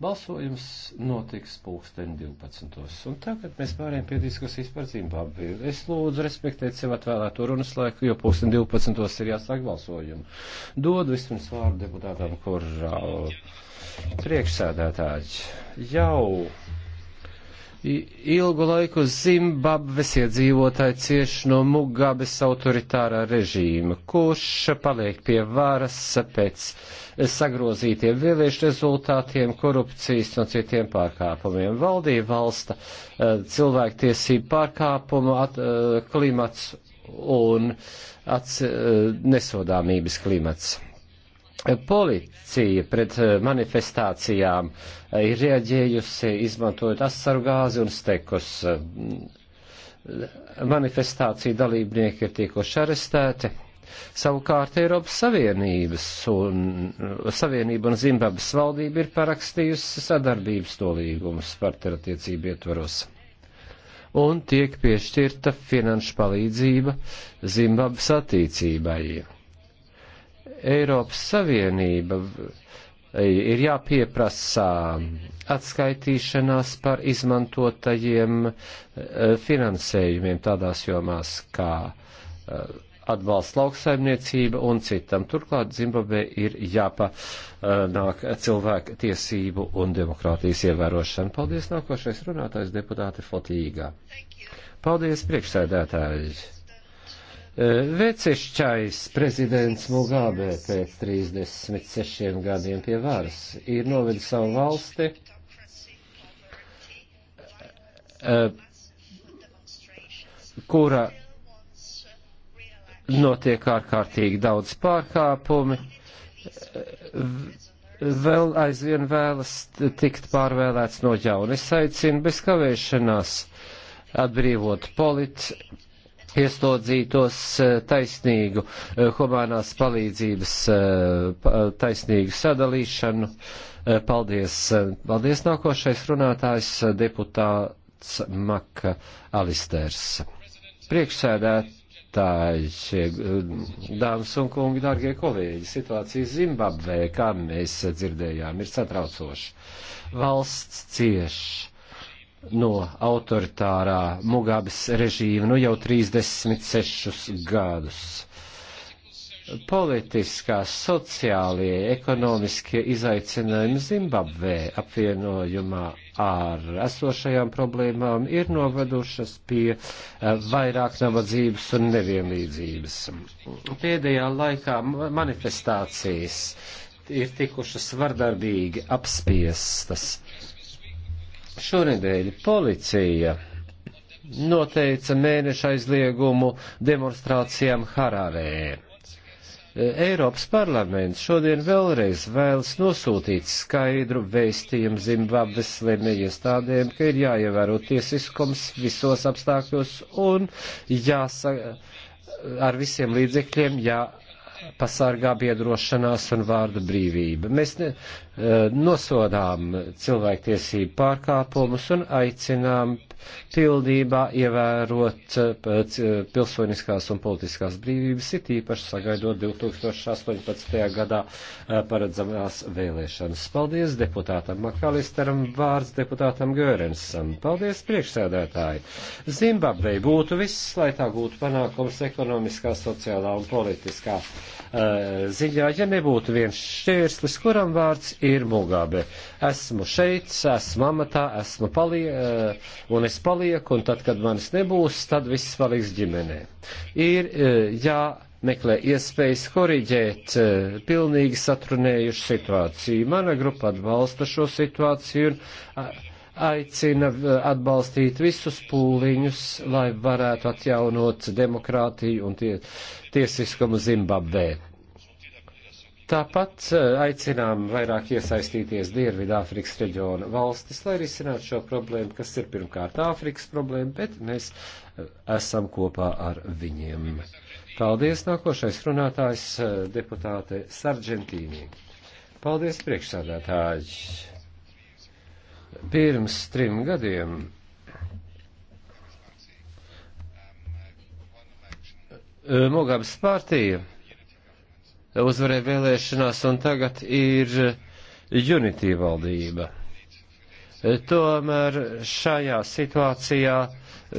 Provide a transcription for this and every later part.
Balsojums notiks pulksten 12. Un tagad mēs pārējām pie diskusijas par Zimbabvi. Es lūdzu respektēt sev atvēlēto runas laiku, jo pulksten 12. ir jāsāk balsojumu. Dod vispirms vārdu deputātam Korau. Priekšsēdētāji, jau Ilgu laiku Zimbabves iedzīvotāji cieš no Mugabes autoritārā režīma, kurš paliek pie varas pēc sagrozītiem vēlēšanu rezultātiem, korupcijas un citiem pārkāpumiem. Valdīja valsta eh, cilvēktiesību pārkāpumu at, eh, klimats un ats, eh, nesodāmības klimats. Policija pret eh, manifestācijām eh, ir rieģējusi, izmantojot asaru gāzi un stekus. Eh, manifestācija dalībnieki ir tikuši arestēti. Savukārt Eiropas Savienības un, Savienība un Zimbabves valdība ir parakstījusi sadarbības nolīgumus partnerattiecību ietvaros. Un tiek piešķirta finanšu palīdzība Zimbabves attīcībai Eiropas Savienība ir jāpieprasa atskaitīšanās par izmantotajiem eh, finansējumiem tādās jomās kā eh, atbalsts lauksaimniecība un citam. Turklāt Zimbabvē ir jāpanāk eh, cilvēku tiesību un demokrātijas ievērošana. Paldies, nākošais runātājs deputāte Fotīgā. Paldies, priekšsēdētāji! Vecešķais prezidents Mugabe pēc 36 gadiem pie varas ir novedis savu valsti eh, kura notiek ārkārtīgi daudz pārkāpumi, eh, vēl aizvien vēlas tikt pārvēlēts no jauna. Es aicinu bez kavēšanās atbrīvot polit ieslodzītos eh, taisnīgu eh, humanās palīdzības eh, taisnīgu sadalīšanu. Paldies. Paldies nākošais runātājs deputāts Maka Alisters. Priekšsēdētājs, dāmas un kungi, dārgie kolēģi, situācija Zimbabvē, kā mēs dzirdējām, ir satraucoša. Valsts cieši no autoritārā Mugabes režīma nu jau 36 gadus. Politiskā, sociālie, ekonomiskie izaicinājumi Zimbabvē apvienojumā ar esošajām problēmām ir novedušas pie eh, vairāk nabadzības un nevienlīdzības. Pēdējā laikā manifestācijas ir tikušas vardarbīgi apspiestas Šonedēļ policija noteica mēneša aizliegumu demonstrācijām Hararē. Eiropas parlaments šodien vēlreiz vēlas nosūtīt skaidru vēstījumu Zimbabves slimnieku iestādēm, ka ir jāievēro tiesiskums visos apstākļos un jāsaka ar visiem līdzekļiem jā jāpasargā biedrošanās un vārdu brīvība. Mēs ne, eh, nosodām cilvēktiesību pārkāpumus un aicinām pildībā ievērot eh, pilsoniskās un politiskās brīvības, it īpaši sagaidot 2018. gadā eh, paredzamās vēlēšanas. Paldies deputātam Makalisteram, vārds deputātam Görensam. Paldies priekšsēdētāji. Zimbabvei būtu viss, lai tā gūtu panākums ekonomiskā, sociālā un politiskā Eh, ziņā, ja nebūtu viens šķērslis, kuram vārds ir Mugabe. Esmu šeit, esmu amatā, esmu palie, eh, un es palieku, un tad, kad manis nebūs, tad viss paliks ģimenē. Ir eh, jāmeklē iespējas koriģēt pilnīgi satrunējušu situāciju. Mana grupa atbalsta šo situāciju. Un, aicina eh, atbalstīt visus pūliņus, lai varētu atjaunot demokrātiju un tie, tiesiskumu Zimbabvē. Tāpat eh, aicinām vairāk iesaistīties Dienvidāfrikas reģiona valstis, lai risinātu šo problēmu, kas ir pirmkārt Āfrikas problēma, bet mēs eh, esam kopā ar viņiem. Paldies, nākošais runātājs deputāte Sargentīnī. Paldies, priekšsādātāji! Pirms trim gadiem Mugabes partija uzvarēja vēlēšanās un tagad ir Unity valdība. Tomēr šajā situācijā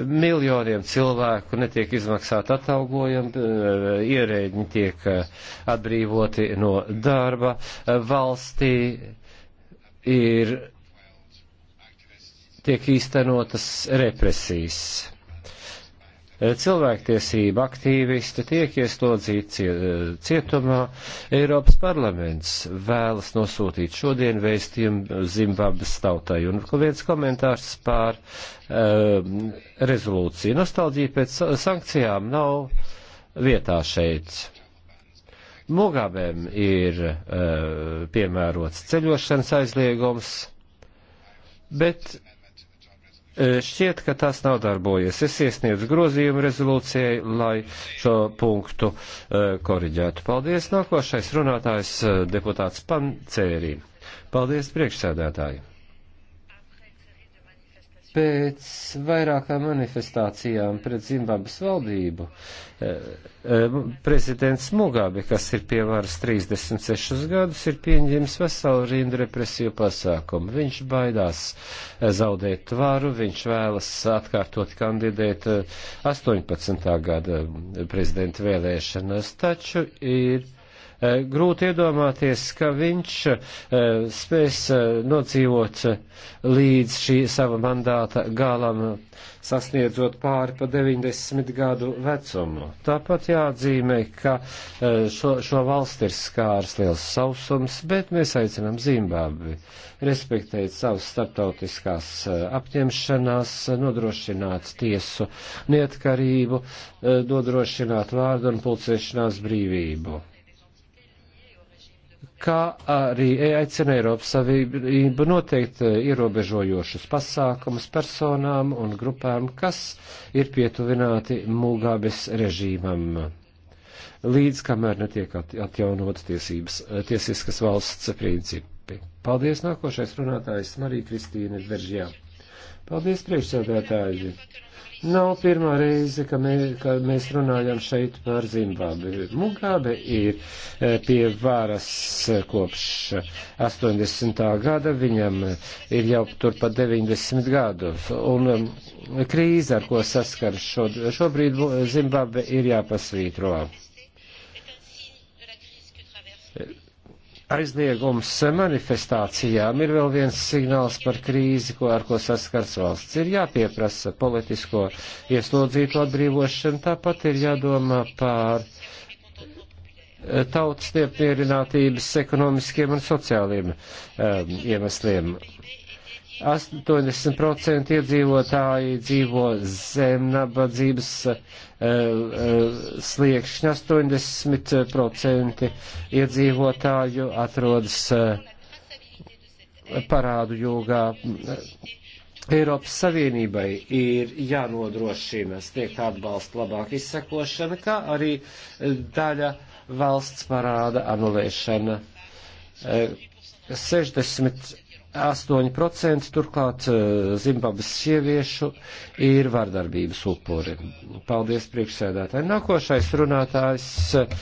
miljoniem cilvēku netiek izmaksāt atalgojumi, ierēģi tiek atbrīvoti no darba, valstī ir tiek īstenotas represijas. E, cilvēktiesība aktīvisti tiek ieslodzīti e, cietumā. Eiropas parlaments vēlas nosūtīt šodien vēstījumu Zimbabves tautai. Un viens komentārs pār um, rezolūciju. Nostalģija pēc sankcijām nav vietā šeit. Mugabēm ir uh, piemērots ceļošanas aizliegums, bet E, šķiet, ka tas nav darbojies. Es iesniedzu grozījumu rezolūcijai, lai šo punktu e, koriģētu. Paldies. Nākošais runātājs e, deputāts Pancērī. Paldies priekšsēdētāji pēc vairākām manifestācijām pret Zimbabves valdību eh, eh, prezidents Mugabe, kas ir pie varas 36 gadus, ir pieņēmis veselu rindu represiju pasākumu. Viņš baidās eh, zaudēt varu, viņš vēlas atkārtot kandidēt 18. gada prezidenta vēlēšanas, taču ir Eh, grūti iedomāties, ka viņš eh, spēs eh, nodzīvot līdz šī sava mandāta galam, sasniedzot pāri pa 90 gadu vecumu. Tāpat jāatzīmē, ka šo, šo valsti ir skārs liels sausums, bet mēs aicinām Zimbabvi respektēt savas starptautiskās apņemšanās, nodrošināt tiesu neatkarību, nodrošināt vārdu un pulcēšanās brīvību kā arī aicina e Eiropas Savienību noteikt ierobežojošus pasākumus personām un grupām, kas ir pietuvināti Mugabes režīmam, līdz kamēr netiek atjaunotas tiesības, tiesiskas valsts principi. Paldies, nākošais runātājs Marija Kristīne Veržjā. Paldies, priekšsēdētāji! Nav pirmā reize, ka, mē, ka mēs runājam šeit par Zimbabvi. Mugabe ir eh, pie varas eh, kopš 80. Eh, gada, viņam ir jau turpat 90 gadu. Un krīze, ar ko saskars šo, šobrīd Zimbabve, ir jāpasvītro. aizliegums manifestācijām ir vēl viens signāls par krīzi, ko ar ko saskars valsts. Ir jāpieprasa politisko ieslodzīto atbrīvošanu, tāpat ir jādomā par eh, tautas neapmierinātības ekonomiskiem un sociāliem um, iemesliem. 80% iedzīvotāji dzīvo zem nabadzības uh, uh, sliekšņa, 80% iedzīvotāju atrodas uh, parādu jūgā. Eiropas Savienībai ir jānodrošina sniegt atbalstu labāk izsakošana, kā arī daļa valsts parāda anulēšana. 60 8% turklāt eh, Zimbabves sieviešu ir vardarbības upuri. Paldies priekšsēdētāji. Nākošais runātājs eh,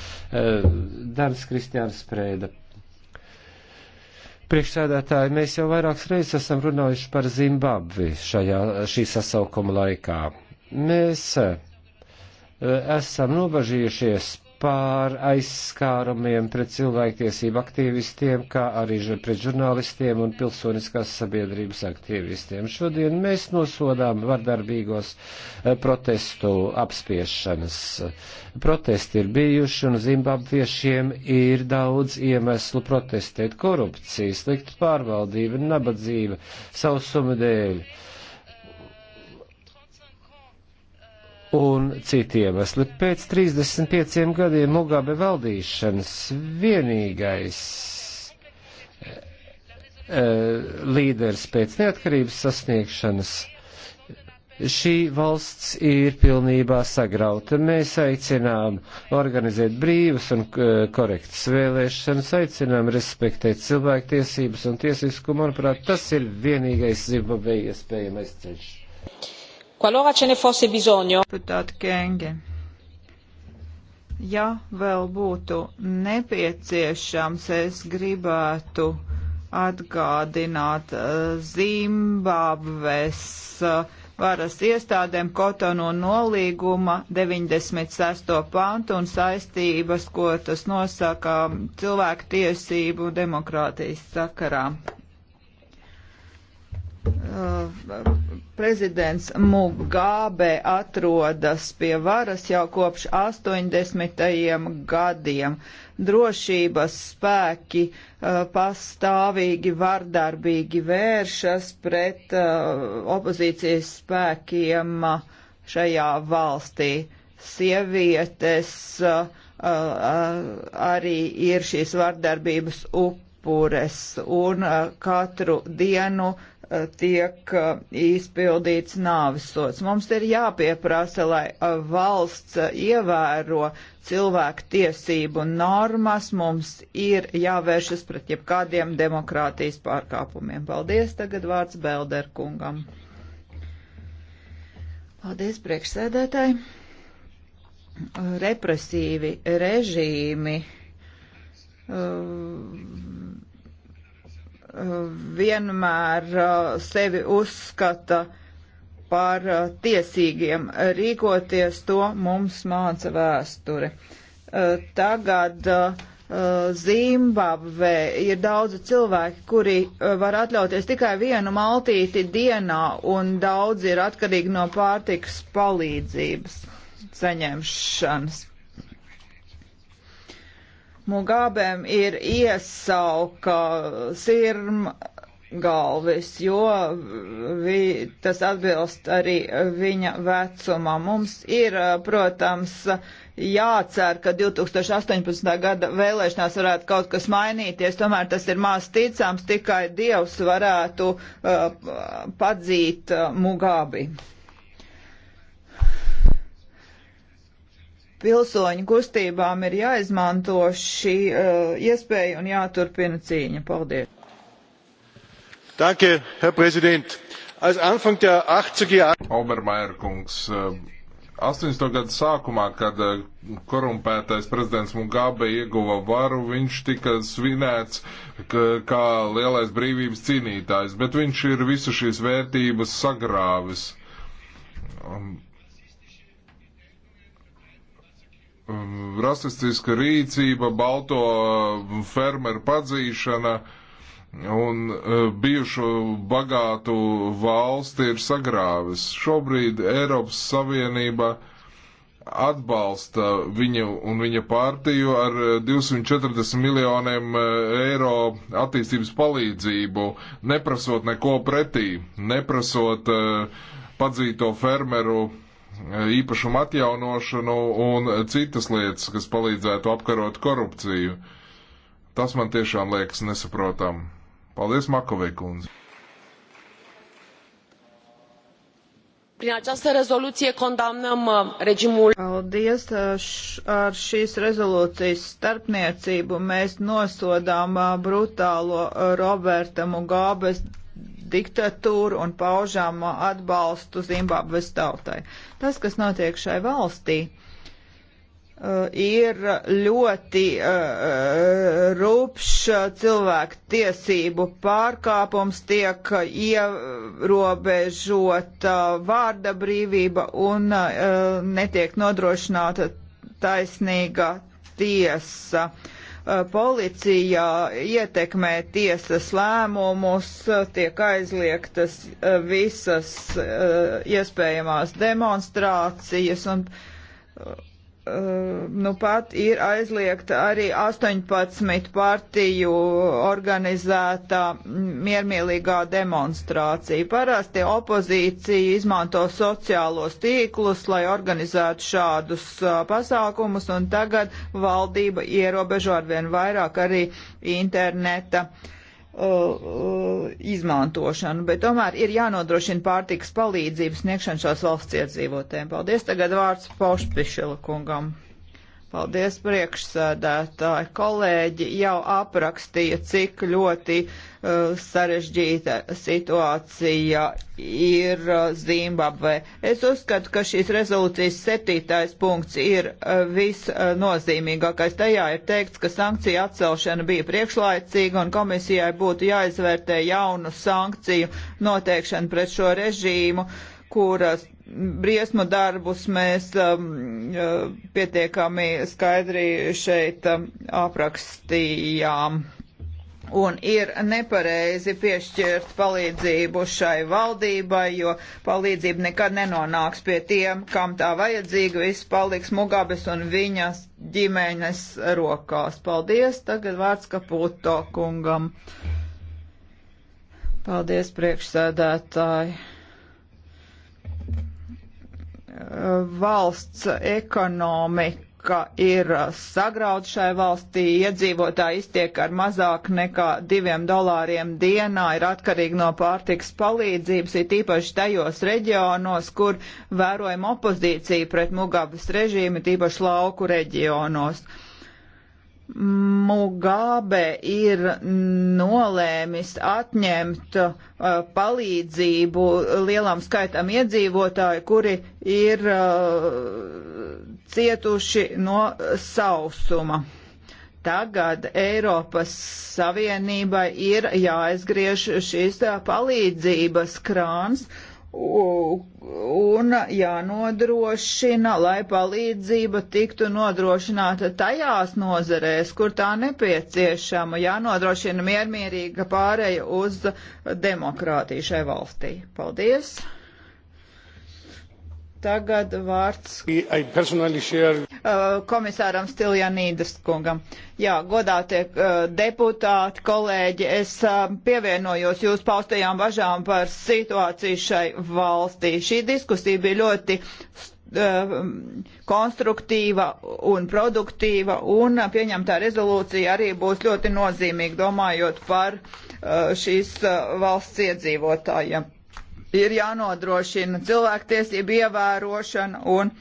Dans Kristiāns Prēda. Priekšsēdētāji, mēs jau vairākas reizes esam runājuši par Zimbabvi šajā, šī sasaukuma laikā. Mēs eh, esam nobažījušies pār aizskārumiem pret cilvēktiesību aktīvistiem, kā arī pret žurnālistiem un pilsoniskās sabiedrības aktīvistiem. Šodien mēs nosodām vardarbīgos eh, protestu apspiešanas. Protesti ir bijuši un zimbabviešiem ir daudz iemeslu protestēt - korupcija, slikta pārvaldība, nabadzība, sausuma dēļ un citi iemesli. Pēc 35 gadiem Mugabe valdīšanas vienīgais eh, līderis pēc neatkarības sasniegšanas. Šī valsts ir pilnībā sagrauta. Mēs aicinām organizēt brīvas un eh, korektas vēlēšanas, aicinām respektēt cilvēktiesības un tiesiskumu. Manuprāt, tas ir vienīgais Zimbabvei iespējamais ceļš. Qualora ce ne fosse bisogno. Deputāti Kenge, ja vēl būtu nepieciešams, es gribētu atgādināt eh, Zimbabves eh, varas iestādēm Kotonu nolīguma 96. pantu un saistības, ko tas nosaka cilvēku tiesību demokrātijas sakarā. Uh, prezidents Mugabe atrodas pie varas jau kopš 80. gadiem. Drošības spēki uh, pastāvīgi vardarbīgi vēršas pret uh, opozīcijas spēkiem uh, šajā valstī. Sievietes uh, uh, arī ir šīs vardarbības upures un uh, katru dienu tiek uh, izpildīts nāvisots. Mums ir jāpieprasa, lai uh, valsts uh, ievēro cilvēku tiesību normas, mums ir jāvēršas pret jebkādiem demokrātijas pārkāpumiem. Paldies, tagad vārds Belder kungam. Paldies, priekšsēdētāji. Represīvi režīmi. Uh, vienmēr uh, sevi uzskata par uh, tiesīgiem rīkoties, to mums māca vēsture. Uh, tagad Zimbabvē ir daudzi cilvēki, kuri var atļauties tikai vienu maltīti dienā, un daudzi ir atkarīgi no pārtikas palīdzības saņemšanas Mugabēm ir iesauka sirma galvis, jo vi, tas atbilst arī viņa vecumam. Mums ir, protams, jācer, ka 2018. gada vēlēšanās varētu kaut kas mainīties, tomēr tas ir mās ticams, tikai Dievs varētu uh, padzīt uh, Mugabi. pilsoņu kustībām ir jāizmanto šī uh, iespēja un jāturpina cīņa. Paldies! Danke, Herr Präsident! Als Anfang der 80er Jahre. Obermeier kungs, 80. Eh, gadu sākumā, kad eh, korumpētais prezidents Mugabe ieguva varu, viņš tika svinēts kā lielais brīvības cīnītājs, bet viņš ir visu šīs vērtības sagrāvis. Um, Ehm, rasistiska rīcība, balto ehm, fermeru padzīšana un ehm, bijušo bagātu valsti ir sagrāvis. Šobrīd Eiropas Savienība atbalsta viņu un viņa pārtīju ar 240 miljoniem eiro attīstības palīdzību, neprasot neko pretī, neprasot padzīto fermeru īpašumu atjaunošanu un citas lietas, kas palīdzētu apkarot korupciju. Tas man tiešām liekas nesaprotam. Paldies, Makovei kundze! Prin această rezoluție condamnăm uh, regimul. Paldies! Uh, ar šīs rezolūcijas starpniecību mēs nosodām uh, brutālo Roberta Mugabes diktatūru un paužām atbalstu Zimbabves tautai. Tas, kas notiek šai valstī, uh, ir ļoti uh, uh, rūpš cilvēku tiesību pārkāpums, tiek ierobežota vārda brīvība un netiek nodrošināta taisnīga tiesa. Uh, Eh, policija ietekmē tiesas lēmumus, eh, tiek aizliegtas eh, visas iespējamās demonstrācijas un Um, nu pat ir aizliegta arī 18 partiju organizētā miermīlīgā demonstrācija. Parasti opozīcija izmanto sociālos tīklus, lai organizētu šādus uh, pasākumus, un tagad valdība ierobežo arvien vairāk arī interneta uh, Uh, uh, izmantošanu, bet tomēr ir jānodrošina pārtikas palīdzības sniegšana šās valsts iedzīvotēm. Paldies, tagad vārds Paušpišela kungam. Paldies, priekšsēdētāji. Kolēģi jau aprakstīja, cik ļoti uh, sarežģīta situācija ir uh, Zimbabvē. Es uzskatu, ka šīs rezolūcijas septītais punkts ir uh, visnozīmīgākais. Uh, Tajā ir teikts, ka sankcija atcelšana bija priekšlaicīga un komisijai būtu jāizvērtē jaunu sankciju noteikšanu pret šo režīmu kuras briesmu darbus mēs um, uh, pietiekami skaidri šeit um, aprakstījām. Un ir nepareizi piešķirt palīdzību šai valdībai, jo palīdzība nekad nenonāks pie tiem, kam tā vajadzīga. Viss paliks Mugabes un viņas ģimenes rokās. Paldies! Tagad vārds Kaputo kungam. Paldies, priekšsēdētāji! valsts ekonomika ir sagrauta šai valstī, iedzīvotāji iztiek ar mazāk nekā diviem dolāriem dienā, ir atkarīgi no pārtiks palīdzības, ir tīpaši tajos reģionos, kur vērojama opozīcija pret Mugabas režīmu, tīpaši lauku reģionos. Uh, Mugabe ir nolēmis atņemt uh, palīdzību lielam skaitam iedzīvotāju, kuri ir uh, cietuši no sausuma. Tagad Eiropas Savienībai ir jāizgriež šīs uh, palīdzības krāns, uh, un jānodrošina, lai palīdzība tiktu nodrošināta tajās nozarēs, kur tā nepieciešama, jānodrošina miermierīga pāreja uz demokrātiju šai valstī. Paldies! Tagad vārds uh, komisāram Stiljanīdas kungam. Jā, godātie uh, deputāti, kolēģi, es uh, pievienojos jūs paustajām bažām par situāciju šai valstī. Šī diskusija bija ļoti konstruktīva un produktīva, un pieņemtā rezolūcija arī būs ļoti nozīmīga, domājot par šīs valsts iedzīvotājiem ir jānodrošina cilvēktiesību ievērošana un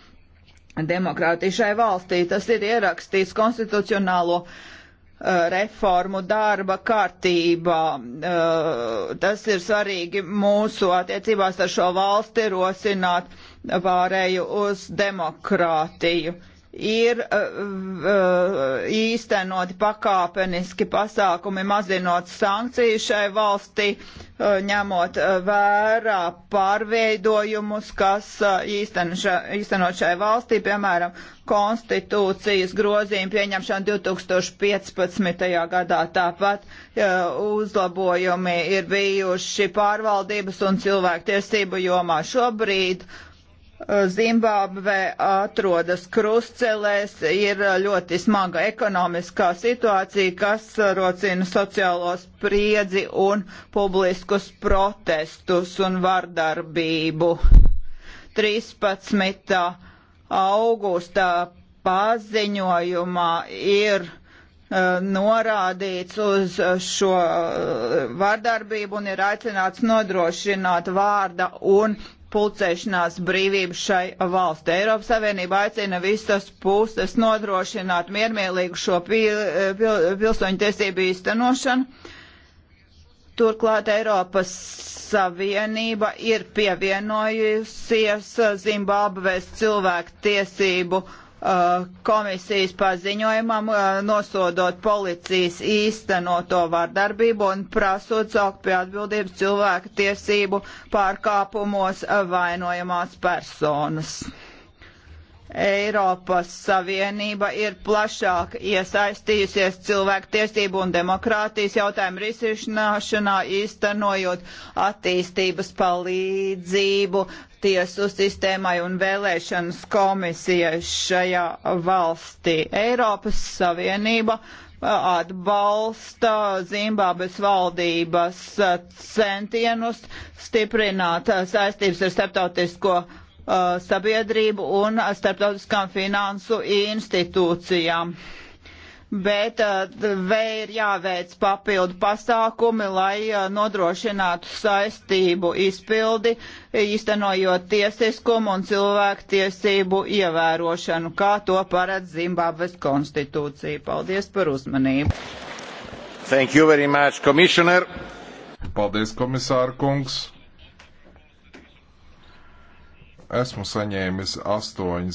demokrātija šai valstī. Tas ir ierakstīts konstitucionālo uh, reformu darba kārtībā. Uh, tas ir svarīgi mūsu attiecībās ar šo valsti rosināt pārēju uz demokrātiju ir uh, uh, īstenoti pakāpeniski pasākumi, mazinot sankcijas šai valstī, uh, ņemot uh, vērā pārveidojumus, kas uh, īstenoša, īstenot šai valstī, piemēram, konstitūcijas grozījumu pieņemšanu 2015. gadā. Tāpat uh, uzlabojumi ir bijuši pārvaldības un cilvēktiesību jomā šobrīd. Uh, Zimbabve atrodas krustcelēs, ir ļoti smaga ekonomiskā situācija, kas rocina sociālo spriedzi un publiskus protestus un vardarbību. 13. augustā paziņojumā ir e, norādīts uz šo e, vārdarbību un ir aicināts nodrošināt vārda un pulcēšanās brīvību šai valsti. Eiropas Savienība aicina visas puses nodrošināt miermīlīgu šo pil, pil, pilsoņu tiesību īstenošanu. Turklāt Eiropas Savienība ir pievienojusies Zimbabves cilvēku tiesību uh, Uh, komisijas paziņojumam, uh, nosodot policijas īstenoto vardarbību un prasot saukt pie atbildības cilvēku tiesību pārkāpumos uh, vainojamās personas. Eiropas Savienība ir plašāk iesaistījusies cilvēktiesību un demokrātijas jautājumu risināšanā, īstenojot attīstības palīdzību tiesu sistēmai un vēlēšanas komisijai šajā valstī. Eiropas Savienība atbalsta Zimbabves valdības centienus stiprināt saistības ar starptautisko Uh, sabiedrību un starptautiskām finansu institūcijām. Bet uh, vēl ir jāveic papildu pasākumi, lai uh, nodrošinātu saistību izpildi, īstenojot tiesiskumu un cilvēktiesību ievērošanu, kā to paredz Zimbabves konstitūcija. Paldies par uzmanību. Thank you very much, Commissioner. Paldies, komisāra kungs. Esmu saņēmis astoņas